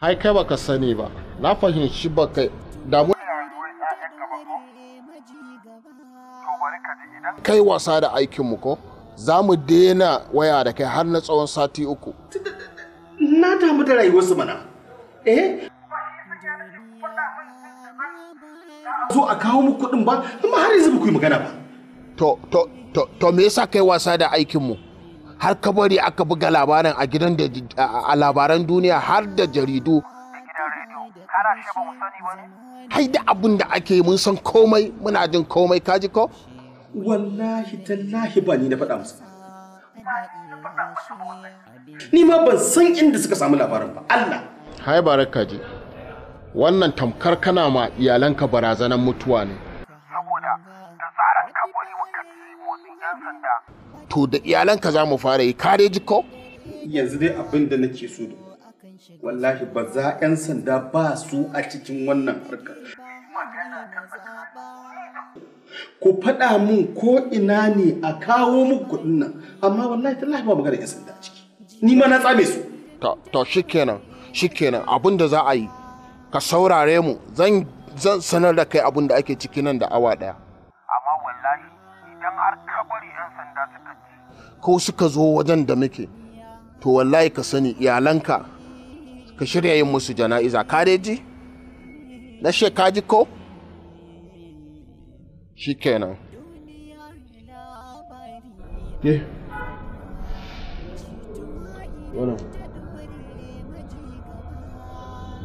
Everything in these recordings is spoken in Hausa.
hai kai baka sani ba na fahimci baka damu kai wasa da aikinmu ko za mu daina waya da kai har na tsawon sati uku na damu da rayuwarsu mana eh zo a kawo muku kuɗin ba amma har yanzu ba ku yi magana ba to to to to me yasa kai wasa da aikinmu har kabari aka buga labarin a gidan da a labaran duniya har da jaridu hai da abin da ake mun san komai muna jin komai kaji ko wallahi tallahi ba ni na faɗa musu ni ma ban san inda suka samu labarin ba Allah hai barakaji wannan tamkar kana ma iyalanka barazanan mutuwa ne to da iyalanka za mu fara yi kare jiko yanzu dai abin da nake so da wallahi ba za 'yan sanda ba su a cikin wannan harka ku faɗa mun ko ina ne a kawo muku kuɗin nan amma wallahi tallahi ba magana 'yan sanda ciki ni ma na tsame su to shikenan shikenan abin da za a yi ka saurare mu zan sanar da kai abin da ake ciki nan da awa ɗaya ko suka zo wajen da muke to wallahi ka sani iyalanka ka shirya yin musu jana'iza kareji na shekaji ko shi kenan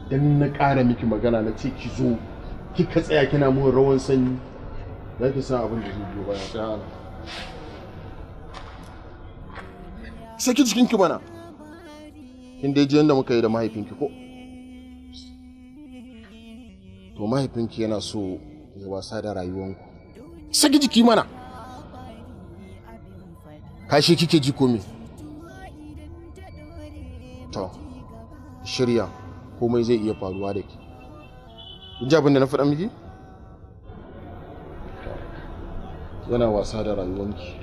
dan na ƙara miki magana na ce ki zo kika tsaya kina mun rawan sanyi za ki san abin da zai zo baya saki jikinki mana in dai ji yadda muka yi da mahaifinki ko to mahaifinki yana so ya wasa da rayuwanku saki jiki mana kashi kike ji komi to shirya komai zai iya faruwa da ke in ji abin da na faɗa miki yana wasa da rayuwanki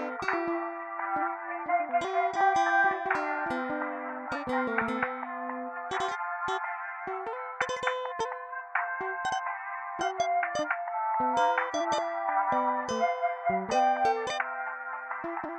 Thank you.